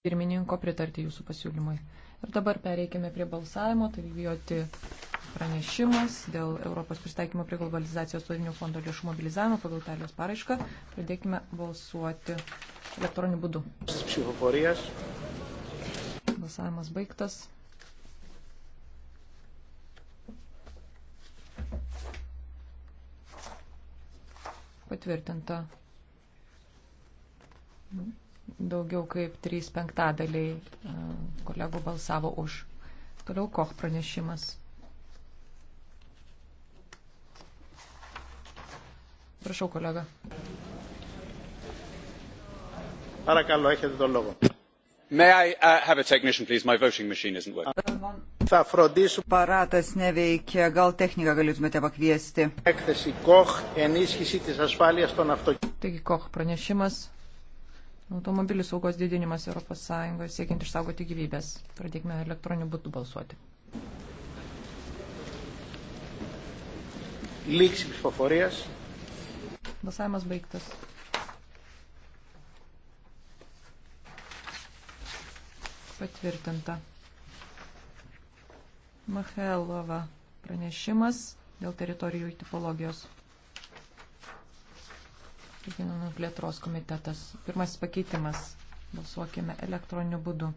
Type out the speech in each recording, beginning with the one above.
pirmininko pritarti jūsų pasiūlymui. Ir dabar pereikime prie balsavimo, tai vijoti pranešimas dėl Europos pristaikymo prie globalizacijos turinio fondo lėšų mobilizavimo pagal Italijos paraišką. Pradėkime balsuoti elektroniniu būdu. Psichoforijas. Balsavimas baigtas. Patvirtinta Daugiau kaip 3 penktadaliai e, kolegų balsavo už. Toliau Koch pranešimas. Prašau, kolega. Παρακαλώ, έχετε τον λόγο. May I uh, have a technician, please? My voting machine isn't working. Θα φροντίσω... Παράτας neveikia, gal techniką galėtumėte pakviesti. Έκθεση Koch, ενίσχυση της ασφάλειας των αυτοκινήτων. Taigi, Koch pranešimas Automobilių saugos didinimas ES siekiant išsaugoti gyvybės. Pradėkime elektroniniu būdu balsuoti. Lygs psichoforijas. Balsavimas baigtas. Patvirtinta. Machaelova pranešimas dėl teritorijų tipologijos regionų plėtros komitetas. Pirmasis pakeitimas. Balsuokime elektroniniu būdu.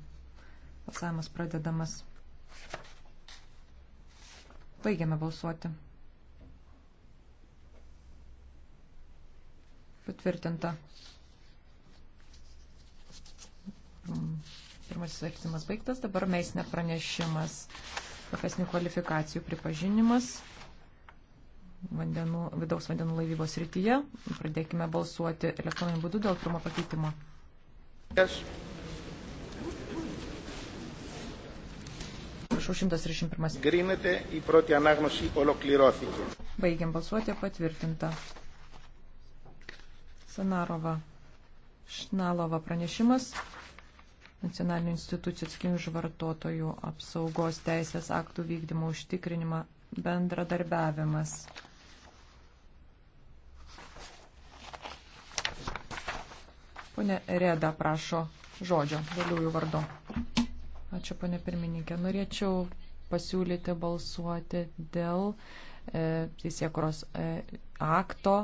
Balsavimas pradedamas. Baigiame balsuoti. Patvirtinta. Pirmasis svarstymas baigtas, dabar meisinė pranešimas, profesinių kvalifikacijų pripažinimas vandenų, vidaus vandenų laivybos rytyje. Pradėkime balsuoti elektroniniu būdu dėl pirmo pakeitimo. Yes. Prašau, 131. Γκρίνεται η πρώτη ανάγνωση, ολοκληρώθηκε. Baigiam balsuoti, patvirtinta. Sanarova. Šnalova pranešimas. Nacionalinių institucijų atsakingų už vartotojų apsaugos teisės aktų vykdymo užtikrinimą bendradarbiavimas. Pone Reda prašo žodžio, vėliųjų vardu. Ačiū, pone pirmininkė. Norėčiau pasiūlyti balsuoti dėl e, teisėkuros e, akto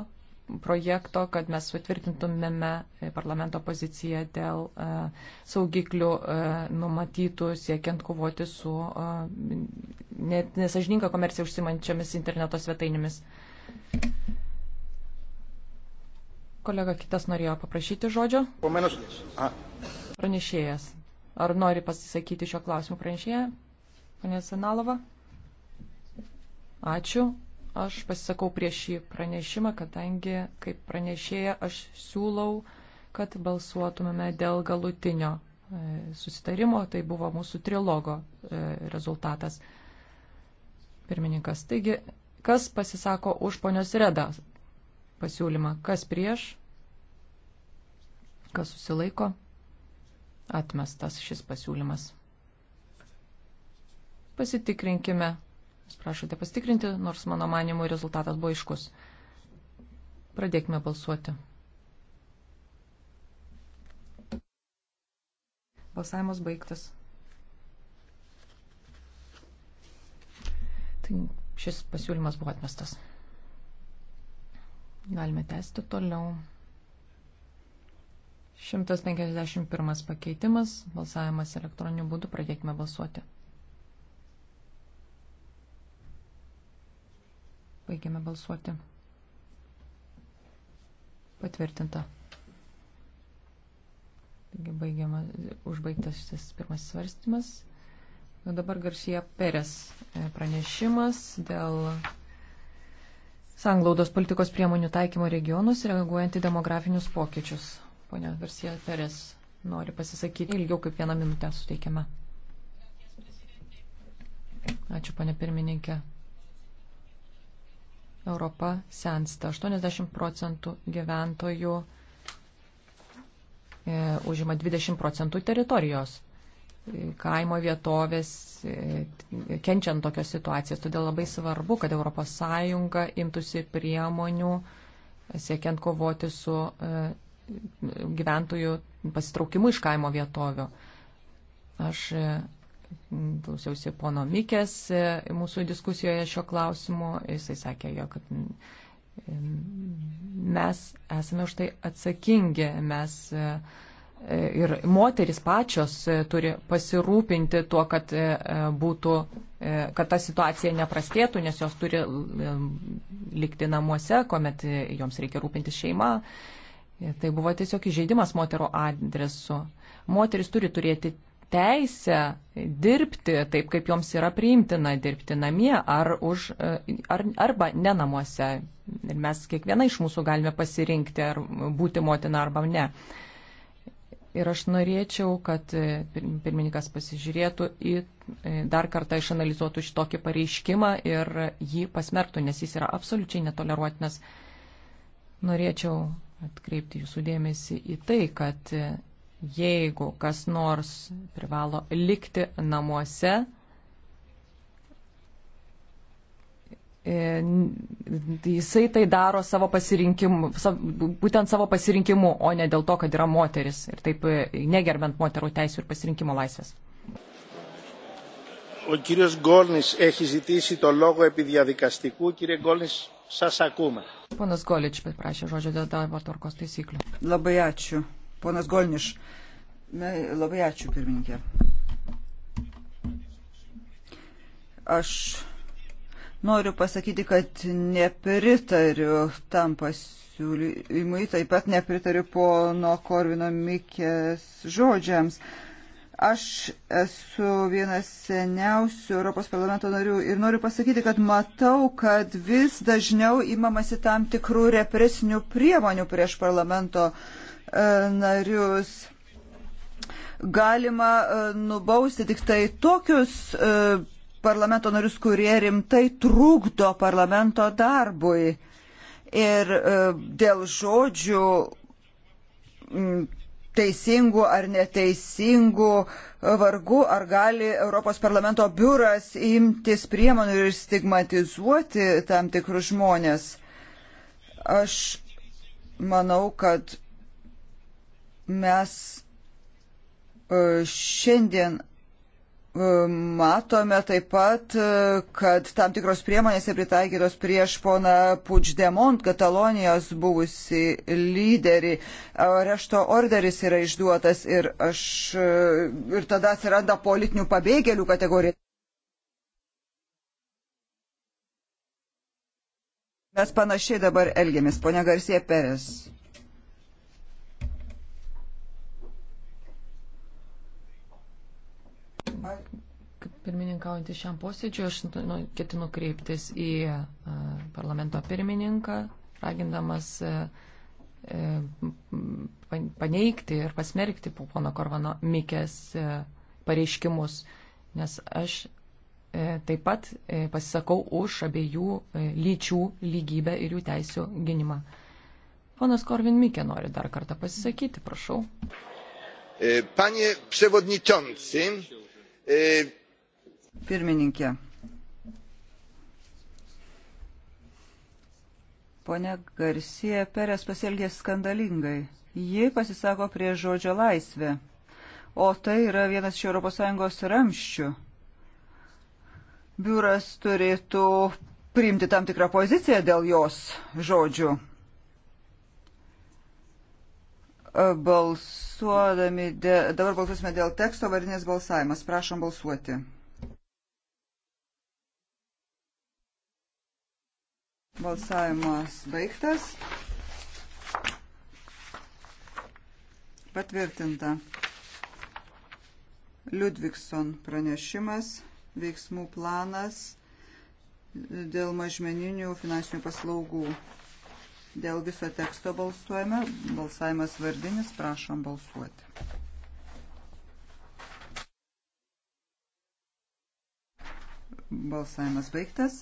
projekto, kad mes sutvirtintumėme e, parlamento poziciją dėl e, saugiklių e, numatytų siekiant kovoti su e, nesažininką komerciją užsimančiamis interneto svetainėmis. E, kolega kitas norėjo paprašyti žodžio. Pranešėjas. Ar nori pasisakyti šio klausimu pranešėją? Pane Senalova. Ačiū. Aš pasisakau prieš šį pranešimą, kadangi kaip pranešėja aš siūlau, kad balsuotumėme dėl galutinio e, susitarimo. Tai buvo mūsų trilogo e, rezultatas. Pirmininkas. Taigi, kas pasisako už ponios Redą pasiūlymą, kas prieš, Kas susilaiko? Atmestas šis pasiūlymas. Pasitikrinkime. Jūs prašote pasitikrinti, nors mano manimų rezultatas buvo iškus. Pradėkime balsuoti. Balsavimas baigtas. Tai šis pasiūlymas buvo atmestas. Galime tęsti toliau. 151 pakeitimas, balsavimas elektroniniu būdu, pradėkime balsuoti. Baigėme balsuoti. Patvirtinta. Taigi baigiama, užbaigtas šis pirmasis svarstymas. O dabar Garšija Perės e, pranešimas dėl sanglaudos politikos priemonių taikymo regionus reaguojant į demografinius pokyčius. Pone Versija Peres nori pasisakyti ilgiau kaip vieną minutę suteikiama. Ačiū, ponė pirmininkė. Europa sensta. 80 procentų gyventojų e, užima 20 procentų teritorijos kaimo vietovės e, kenčiant tokios situacijos. Todėl labai svarbu, kad ES imtųsi priemonių siekiant kovoti su e, gyventojų pasitraukimu iš kaimo vietovių. Aš e, klausiausi pono Mikės e, mūsų diskusijoje šio klausimu. Jisai sakė jo, kad e, mes esame už tai atsakingi. Mes ir moteris pačios turi pasirūpinti tuo, kad būtų kad ta situacija neprastėtų, nes jos turi likti namuose, kuomet joms reikia rūpintis šeima. Tai buvo tiesiog įžeidimas moterų adresu. Moteris turi turėti teisę dirbti taip, kaip joms yra priimtina dirbti namie ar už, e, ar, arba ne namuose. Ir mes kiekviena iš mūsų galime pasirinkti, ar būti motina arba ne. Ir aš norėčiau, kad e, pirmininkas pasižiūrėtų į, e, dar kartą išanalizuotų šitokį pareiškimą ir jį pasmerktų, nes jis yra absoliučiai netoleruotinas. Norėčiau atkreipti jūsų dėmesį į tai, kad jeigu kas nors privalo likti namuose, e, jisai tai daro savo pasirinkimu, būtent savo pasirinkimu, o ne dėl to, kad yra moteris ir taip e, negerbent moterų teisų ir pasirinkimo laisvės. Ο κύριος Γκόλνης έχει ζητήσει το λόγο επί διαδικαστικού. Κύριε Γκόλνης, Sasakume. Ponas Golič prašė žodžio dėl darbo tvarkos taisyklių. Labai ačiū. Ponas Golniš, labai ačiū pirmininkė. Aš noriu pasakyti, kad nepritariu tam pasiūlymui, taip pat nepritariu pono Korvino Mikės žodžiams. Uh, Aš esu vienas seniausių Europos parlamento narių ir noriu pasakyti, kad matau, kad vis dažniau įmamasi tam tikrų represinių priemonių prieš parlamento e, narius galima e, nubausti tik tai tokius e, parlamento narius, kurie rimtai trukdo parlamento darbui. Ir dėl žodžių teisingų ar neteisingų vargų, ar gali Europos parlamento biuras imtis priemonių ir stigmatizuoti tam tikrus žmonės. Aš manau, kad mes e, šiandien Matome taip pat, kad tam tikros priemonės ir pritaikytos prieš poną Puigdemont, Katalonijos buvusi lyderį. Rešto orderis yra išduotas ir, aš, ir tada atsiranda politinių pabėgėlių kategorija. Mes panašiai dabar elgiamės, ponia Garsie Peres. Pirmininkaujantį šiam posėdžiu aš nu, nu, ketinu kreiptis į a, parlamento pirmininką, ragindamas a, e, paneigti ir pasmerkti pono Korvano Mikės a, pareiškimus, nes aš a, e, taip pat a, e, pasisakau už abiejų a, e, lyčių lygybę ir jų teisų gynimą. Ponas Korvin Mikė nori dar kartą pasisakyti, prašau. Panie przewodniczący, Pirmininkė. Pone Garcija Perės pasielgė skandalingai. Ji pasisako prie žodžio laisvę, o tai yra vienas iš ES ramščių. Biuras turėtų priimti tam tikrą poziciją dėl jos žodžių. Balsuodami, de, dabar balsuosime dėl teksto, varinės balsavimas. Prašom balsuoti. Balsavimas baigtas. Patvirtinta. Liudvikson pranešimas, veiksmų planas dėl mažmeninių finansinių paslaugų. Dėl viso teksto balsuojame. Balsavimas vardinis. Prašom balsuoti. Balsavimas baigtas.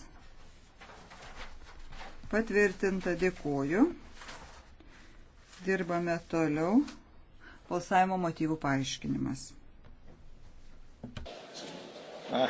Patvirtinta, dėkoju. Dirbame toliau. Balsavimo motyvų paaiškinimas. Ah.